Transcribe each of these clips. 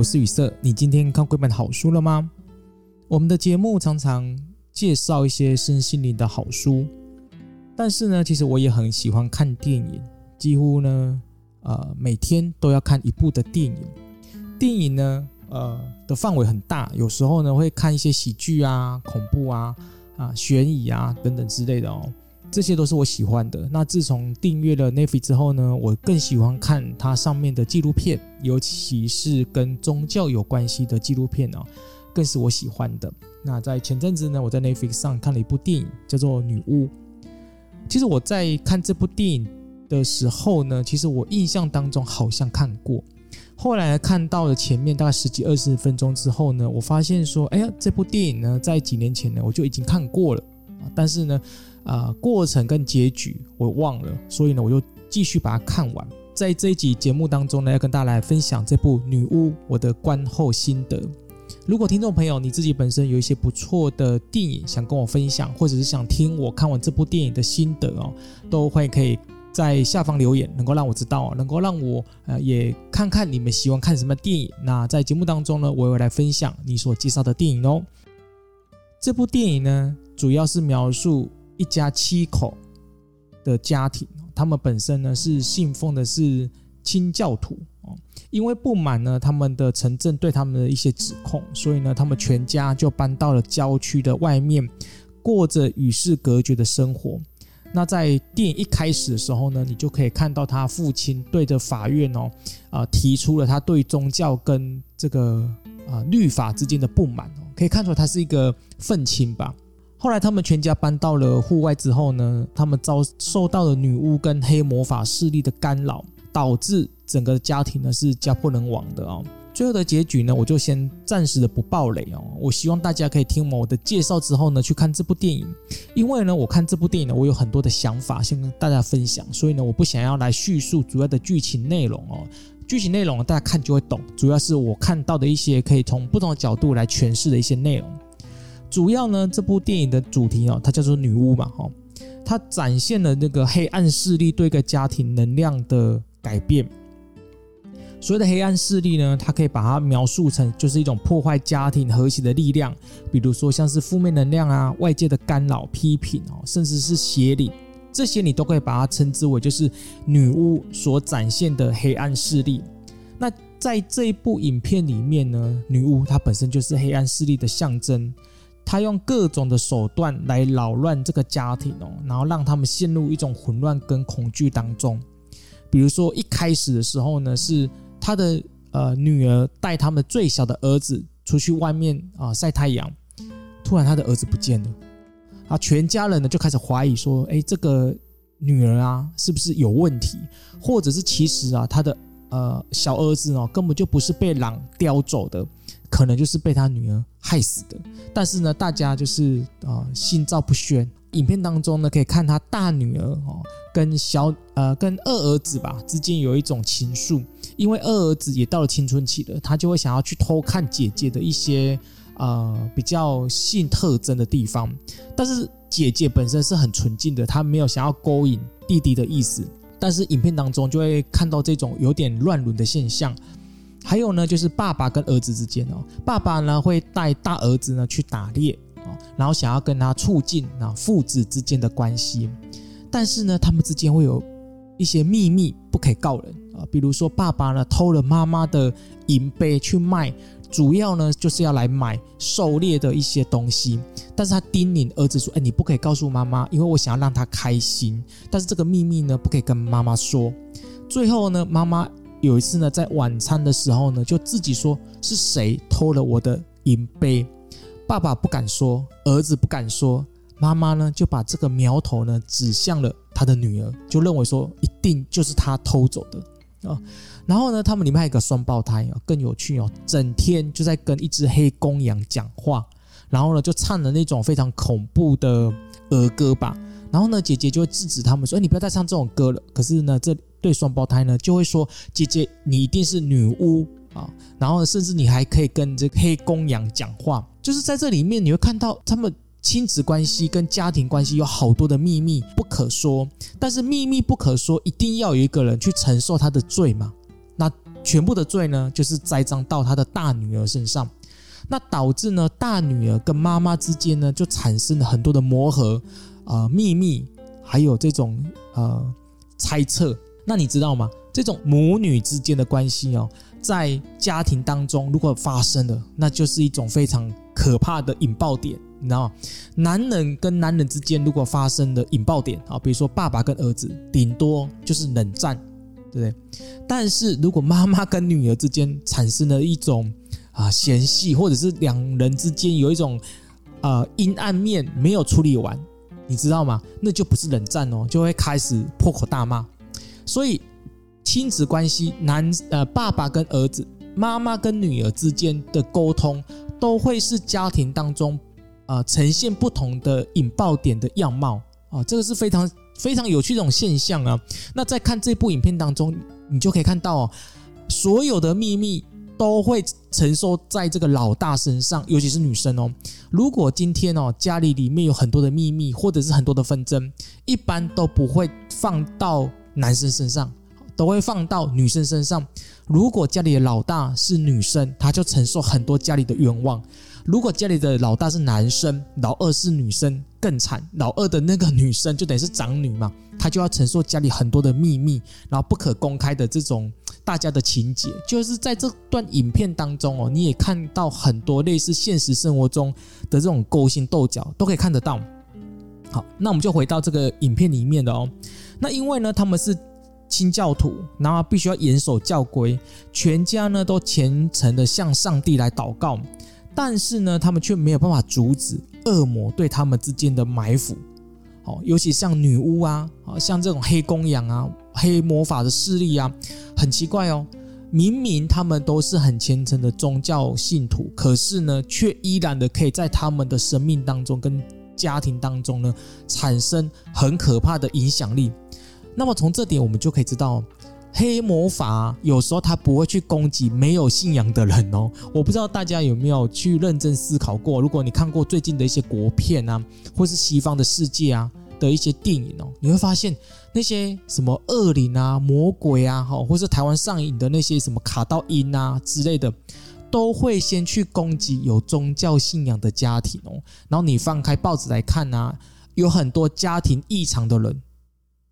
我是宇色，你今天看過一本好書了嗎？我們的節目常常介紹一些身心靈的好書，但是呢，其實我也很喜歡看電影，幾乎呢，呃，每天都要看一部的電影。電影呢，呃，的範圍很大，有時候呢會看一些喜劇啊、恐怖啊、啊、懸疑啊等等之類的哦。這些都是我喜歡的。那自從訂閱了 Netflix 之後呢，我更喜歡看它上面的紀錄片，尤其是跟宗教有關係的紀錄片哦、啊，更是我喜歡的。那在前陣子呢，我在 Netflix 上看了一部電影，叫做《女巫》。其實我在看這部電影的時候呢，其實我印象當中好像看過。後來看到了前面大概十幾二十分鐘之後呢，我發現說，哎呀，這部電影呢，在幾年前呢，我就已經看過了。但是呢，啊、呃，過程跟結局我忘了，所以呢，我就繼續把它看完。在這一集節目當中呢，要跟大家來分享這部《女巫》我的觀後心得。如果聽眾朋友你自己本身有一些不錯的電影想跟我分享，或者是想聽我看完這部電影的心得哦，都會可以在下方留言，能夠讓我知道，能夠讓我呃也看看你們喜歡看什麼電影。那在節目當中呢，我也會來分享你所介紹的電影哦。這部電影呢，主要是描述一家七口的家庭，他們本身呢是信奉的是清教徒哦，因為不滿呢他們的城鎮對他們的一些指控，所以呢他們全家就搬到了郊區的外面，過着與世隔絕的生活。那在電影一開始的時候呢，你就可以看到他父親對着法院哦啊，呃，提出了他對宗教跟這個啊，呃，律法之間的不滿，可以看出他是一個憤青吧。後來他們全家搬到了戶外之後呢，他們遭受到了女巫跟黑魔法勢力的干擾，導致整個家庭呢是家破人亡的哦，最後的結局呢，我就先暫時的不爆雷哦。我希望大家可以聽完我的介紹之後呢，去看這部電影，因為呢，我看這部電影呢，我有很多的想法，先跟大家分享，所以呢，我不想要來敘述主要的劇情內容哦。劇情內容呢大家看就會懂，主要是我看到的一些可以從不同的角度來詮釋的一些內容。主要呢，這部電影的主題哦，它叫做女巫嘛，哦，它展現了那個黑暗勢力對一個家庭能量的改變。所謂的黑暗勢力呢，它可以把它描述成就是一種破壞家庭和諧的力量，比如說像是負面能量啊、外界的干擾、批評哦，甚至是邪靈這些你都可以把它稱之為就是女巫所展現的黑暗勢力。那在這一部影片裡面呢，女巫它本身就是黑暗勢力的象徵。他用各種的手段來擾亂這個家庭哦，然後讓他們陷入一種混亂跟恐懼當中。比如說一開始的時候呢，是他的呃女兒帶他們最小的兒子出去外面啊、呃、曬太陽，突然他的兒子不見了，啊，全家人呢就開始懷疑說，誒，這個女兒啊是不是有問題，或者是其實啊他的。呃，小兒子哦，根本就不是被狼叼走的，可能就是被他女兒害死的。但是呢，大家就是啊、呃，心照不宣。影片當中呢，可以看他大女兒哦，跟小呃，跟二兒子吧之間有一種情愫。因為二兒子也到了青春期了，他就會想要去偷看姐姐的一些呃比較性特徵的地方。但是姐姐本身是很純淨的，她沒有想要勾引弟弟的意思。但是影片當中就會看到這種有點亂倫的現象，還有呢，就是爸爸跟兒子之間哦，爸爸呢會帶大兒子呢去打獵啊，然後想要跟他促進啊父子之間的關係，但是呢，他們之間會有一些秘密不可以告人啊，比如說爸爸呢偷了媽媽的銀杯去賣。主要呢就是要來買狩獵的一些東西，但是他叮嚀兒子說：“哎，你不可以告訴媽媽，因為我想要讓她開心。但是這個秘密呢，不可以跟媽媽說。”最後呢，媽媽有一次呢，在晚餐的時候呢，就自己說是誰偷了我的銀杯。爸爸不敢說，兒子不敢說，媽媽呢就把這個苗頭呢指向了他的女兒，就認為說一定就是他偷走的。啊，哦，然後呢，他們裡面還有一個雙胞胎哦，更有趣哦，整天就在跟一隻黑公羊講話，然後呢，就唱了那種非常恐怖的兒歌吧。然後呢，姐姐就會制止他們說，哎：“你不要再唱這種歌了。”可是呢，這對雙胞胎呢，就會說：“姐姐，你一定是女巫啊，哦！”然後呢，甚至你還可以跟這個黑公羊講話。就是在這裡面，你會看到他們。親子關係跟家庭關係有好多的秘密不可說，但是秘密不可說，一定要有一個人去承受他的罪嘛？那全部的罪呢，就是栽贓到他的大女兒身上，那導致呢，大女兒跟媽媽之間呢，就產生了很多的磨合啊、呃，秘密還有這種呃猜測。那你知道嗎？這種母女之間的關係哦，在家庭當中如果發生了，那就是一種非常可怕的引爆點，你知道嗎？男人跟男人之間如果發生了引爆點啊，比如說爸爸跟兒子，頂多就是冷戰，對不對？但是如果媽媽跟女兒之間產生了一種啊嫌隙，或者是兩人之間有一種呃陰暗面沒有處理完，你知道嗎？那就不是冷戰哦，就會開始破口大罵。所以親子關係，男呃爸爸跟兒子。媽媽跟女兒之間的溝通，都會是家庭當中啊、呃、呈現不同的引爆點的樣貌啊，這個是非常非常有趣這種現象啊。那在看這部影片當中，你就可以看到哦，所有的秘密都會承受在這個老大身上，尤其是女生哦。如果今天哦家裡裡面有很多的秘密，或者是很多的紛爭，一般都不會放到男生身上。都會放到女生身上。如果家裡的老大是女生，她就承受很多家裡的冤枉；如果家裡的老大是男生，老二是女生更慘。老二的那個女生就等於是長女嘛，她就要承受家裡很多的秘密，然後不可公開的這種大家的情節。就是在這段影片當中哦，你也看到很多類似現實生活中的這種勾心鬥角，都可以看得到。好，那我們就回到這個影片裡面的哦。那因為呢，他們是。清教徒，然後必須要嚴守教規，全家呢都虔誠的向上帝來禱告，但是呢，他們卻沒有辦法阻止惡魔對他們之間的埋伏。哦，尤其像女巫啊，啊，像這種黑公羊啊，黑魔法的勢力啊，很奇怪哦。明明他們都是很虔誠的宗教信徒，可是呢，卻依然的可以在他們的生命當中跟家庭當中呢，產生很可怕的影響力。那麼從這點我們就可以知道，黑魔法啊，有時候它不會去攻擊沒有信仰的人哦。我不知道大家有沒有去認真思考過，如果你看過最近的一些國片啊，或是西方的世界啊的一些電影哦，你會發現那些什麼惡靈啊、魔鬼啊，或是台灣上映的那些什麼卡到陰啊之類的，都會先去攻擊有宗教信仰的家庭哦。然後你放開報紙來看啊，有很多家庭異常的人，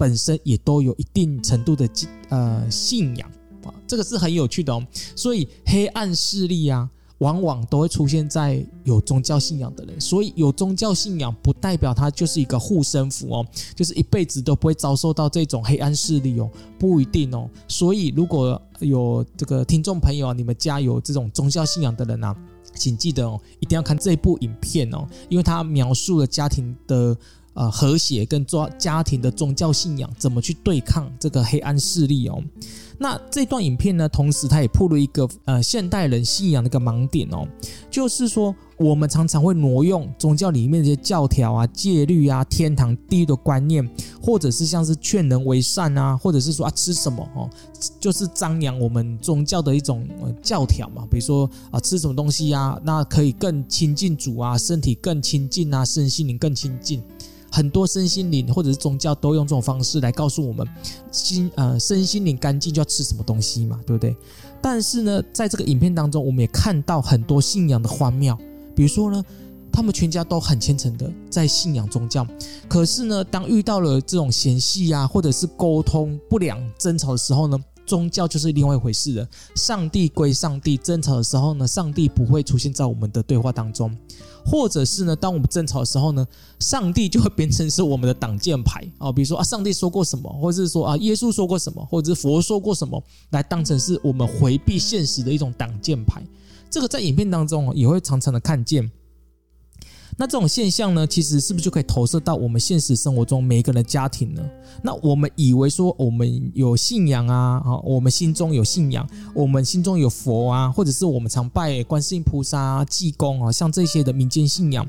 本身也都有一定程度的信呃信仰啊，這個是很有趣的哦。所以黑暗勢力啊，往往都會出現在有宗教信仰的人。所以有宗教信仰不代表他就是一個護身符哦，就是一輩子都不會遭受到這種黑暗勢力哦，不一定哦。所以如果有這個聽眾朋友啊，你們家有這種宗教信仰的人吶、啊，請記得哦，一定要看這部影片哦，因為它描述了家庭的。呃，和諧跟家庭的宗教信仰怎麼去對抗這個黑暗勢力哦？那這段影片呢，同時它也暴露一個呃現代人信仰的一個盲點哦，就是說我們常常會挪用宗教裡面這些教條啊、戒律啊、天堂地獄的觀念，或者是像是勸人為善啊，或者是說啊吃什麼哦，就是張揚我們宗教的一種教條嘛。比如說啊吃什麼東西啊，那可以更親近主啊，身體更親近啊，身心靈更親近。很多身心靈或者是宗教都用這種方式來告訴我們心，心呃身心靈乾淨就要吃什麼東西嘛，對不對？但是呢，在這個影片當中，我們也看到很多信仰的荒謬，比如說呢，他們全家都很虔誠地在信仰宗教，可是呢，當遇到了這種嫌隙啊，或者是溝通不良、爭吵的時候呢，宗教就是另外一回事了。上帝歸上帝，爭吵的時候呢，上帝不會出現在我們的對話當中。或者是呢，當我們爭吵的時候呢，上帝就會變成是我們的擋箭牌啊、哦！比如說啊，上帝說過什麼，或者是說啊，耶穌說過什麼，或者是佛說過什麼，來當成是我們回避現實的一種擋箭牌。這個在影片當中也會常常的看見。那這種現象呢，其實是不是就可以投射到我們現實生活中每一個人的家庭呢？那我們以為說我們有信仰啊，啊，我們心中有信仰，我們心中有佛啊，或者是我們常拜觀世音菩薩啊、濟公啊，像這些的民間信仰。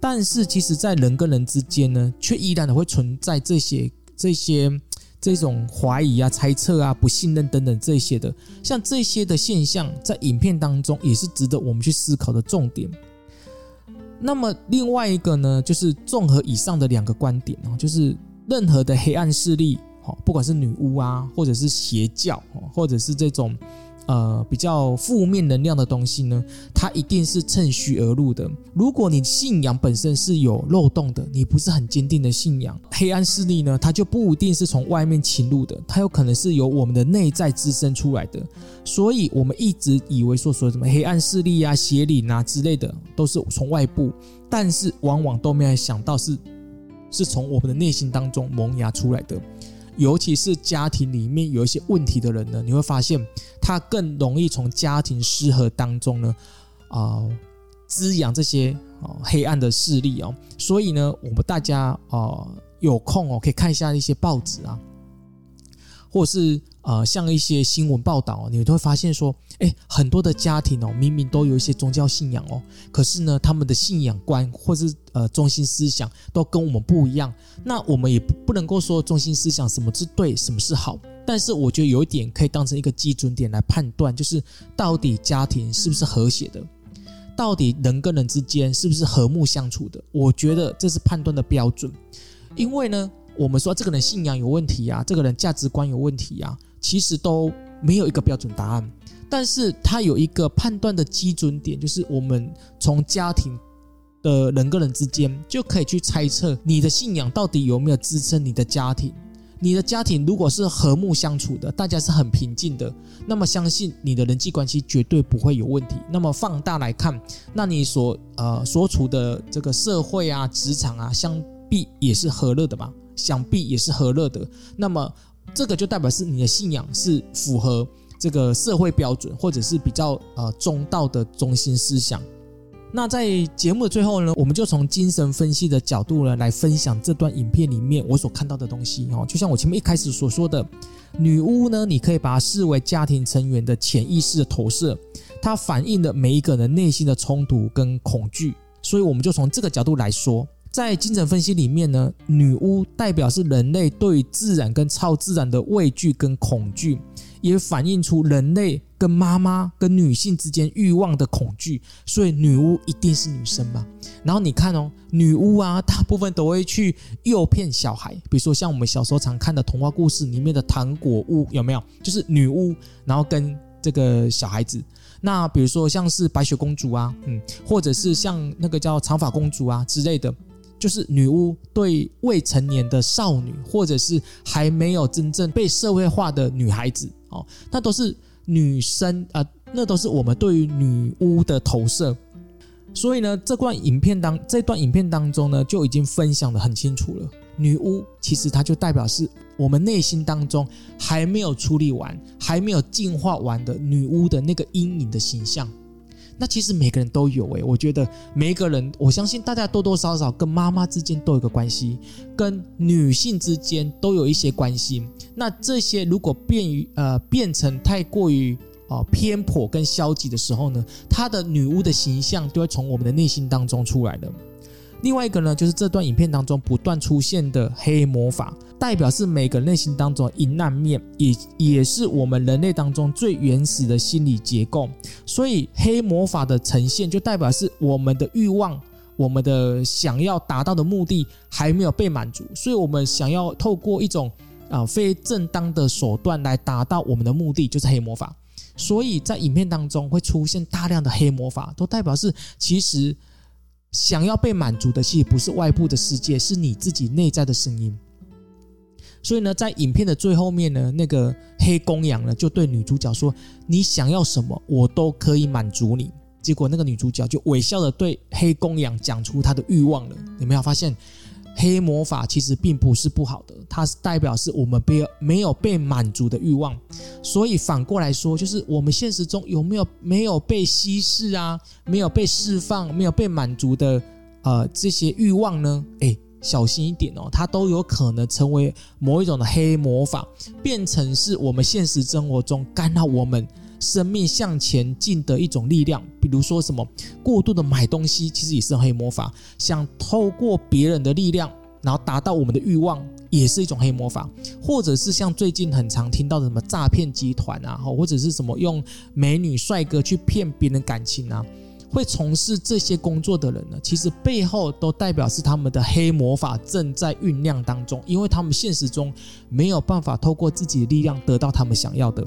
但是，其實，在人跟人之間呢，卻依然的會存在這些、這些、這種懷疑啊、猜測啊、不信任等等這些的。像這些的現象，在影片當中也是值得我們去思考的重點。那麼另外一個呢，就是綜合以上的兩個觀點啊，就是任何的黑暗勢力，不管是女巫啊，或者是邪教，或者是這種。呃，比較負面能量的東西呢，它一定是趁虛而入的。如果你信仰本身是有漏洞的，你不是很堅定的信仰，黑暗勢力呢，它就不一定是從外面侵入的，它有可能是由我們的內在滋生出來的。所以，我們一直以為說，所謂什麼黑暗勢力啊、邪靈啊之類的，都是從外部，但是往往都沒有想到是，是從我們的內心當中萌芽出來的。尤其是家庭裡面有一些問題的人呢，你會發現他更容易從家庭失和當中呢，啊、呃，滋養這些啊黑暗的勢力啊、哦。所以呢，我們大家啊、呃、有空哦，可以看一下一些報紙啊，或是。呃，像一些新聞報道哦，你們都會發現說，誒，很多的家庭哦，明明都有一些宗教信仰哦，可是呢，他們的信仰觀或是呃，中心思想都跟我們不一樣。那我們也不不能夠說中心思想什麼是對，什麼是好。但是我覺得有一點可以當成一個基準點來判斷，就是到底家庭是不是和諧的，到底人跟人之間是不是和睦相處的。我覺得這是判斷的標準。因為呢，我們說這個人信仰有問題啊，這個人價值觀有問題啊。其實都沒有一個標準答案，但是它有一個判斷的基準點，就是我們從家庭的人跟人之間就可以去猜測你的信仰到底有沒有支撐你的家庭。你的家庭如果是和睦相處的，大家是很平靜的，那麼相信你的人際關係絕對不會有問題。那麼放大來看，那你所呃所處的這個社會啊、職場啊，想必也是和樂的吧？想必也是和樂的。那麼。這個就代表是你的信仰是符合這個社會標準，或者是比較呃中道的中心思想。那在節目的最後呢，我們就從精神分析的角度呢來分享這段影片裡面我所看到的東西哦。就像我前面一開始所說的，女巫呢，你可以把它視為家庭成員的潛意識的投射，它反映了每一個人內心的衝突跟恐懼。所以我們就從這個角度來說。在精神分析裡面呢，女巫代表是人類對自然跟超自然的畏懼跟恐懼，也反映出人類跟媽媽跟女性之間慾望的恐懼。所以女巫一定是女生嘛？然後你看哦，女巫啊，大部分都會去誘騙小孩，比如說像我們小時候常看的童話故事裡面的糖果屋有沒有？就是女巫，然後跟這個小孩子。那比如說像是白雪公主啊，嗯，或者是像那個叫長髮公主啊之類的。就是女巫對未成年的少女，或者是還沒有真正被社會化的女孩子，哦，那都是女生啊、呃，那都是我們對於女巫的投射。所以呢，這段影片當這段影片當中呢，就已經分享得很清楚了。女巫其實它就代表是我們內心當中還沒有處理完、還沒有進化完的女巫的那個陰影的形象。那其實每個人都有誒，我覺得每一個人，我相信大家多多少少跟媽媽之間都有一個關係，跟女性之間都有一些關係。那這些如果變於呃變成太過於哦、呃、偏頗跟消極的時候呢，她的女巫的形象就會從我們的內心當中出來了。另外一個呢，就是這段影片當中不斷出現的黑魔法。代表是每個內心當中陰暗面，也也是我們人類當中最原始的心理結構。所以黑魔法的呈現，就代表是我們的慾望，我們的想要達到的目的還沒有被滿足，所以我們想要透過一種啊、呃、非正當的手段來達到我們的目的，就是黑魔法。所以在影片當中會出現大量的黑魔法，都代表是其實想要被滿足的，其實不是外部的世界，是你自己內在的聲音。所以呢，在影片的最後面呢，那個黑公羊呢，就對女主角說：“你想要什麼，我都可以滿足你。”結果那個女主角就微笑地對黑公羊講出她的慾望了。有沒有發現，黑魔法其實並不是不好的，它是代表是我們沒有、沒有被滿足的慾望。所以反過來說，就是我們現實中有沒有沒有被稀釋啊，沒有被釋放，沒有被滿足的呃這些慾望呢？誒……小心一點哦，它都有可能成為某一種的黑魔法，變成是我們現實生活中干擾我們生命向前進的一種力量。比如說什麼過度的買東西，其實也是黑魔法；想透過別人的力量，然後達到我們的慾望，也是一種黑魔法。或者是像最近很常聽到的什麼詐騙集團啊，或者是什麼用美女帥哥去騙別人感情啊。會從事這些工作的人呢，其實背後都代表是他們的黑魔法正在醞釀當中，因為他們現實中沒有辦法透過自己的力量得到他們想要的。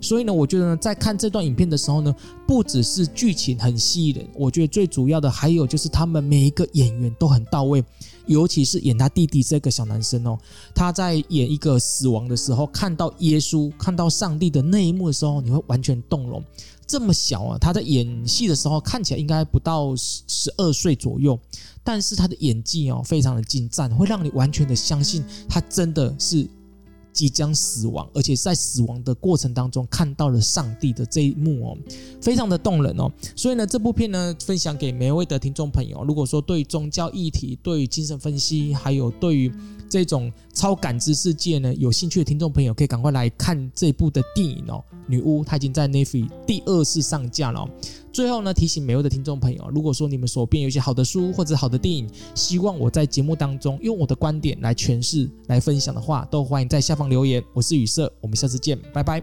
所以呢，我覺得呢，在看這段影片的時候呢，不只是劇情很吸引人，我覺得最主要的還有就是他們每一個演員都很到位，尤其是演他弟弟這個小男生哦，他在演一個死亡的時候，看到耶穌、看到上帝的那一幕的時候，你會完全動容。這麼小啊，他在演戲的時候看起來應該不到十十二歲左右，但是他的演技哦非常的精湛，會讓你完全的相信他真的是即將死亡，而且在死亡的過程當中看到了上帝的這一幕哦，非常的動人哦。所以呢，這部片呢分享給每一位的聽眾朋友，如果說對於宗教議題、對於精神分析，還有對於。這種超感知世界呢，有興趣的聽眾朋友可以趕快來看這部的電影哦，《女巫》它已經在 Netflix 第二次上架了。最後呢，提醒每位的聽眾朋友，如果說你們手邊有一些好的書或者好的電影，希望我在節目當中用我的觀點來詮釋、來分享的話，都歡迎在下方留言。我是宇色，我們下次見，拜拜。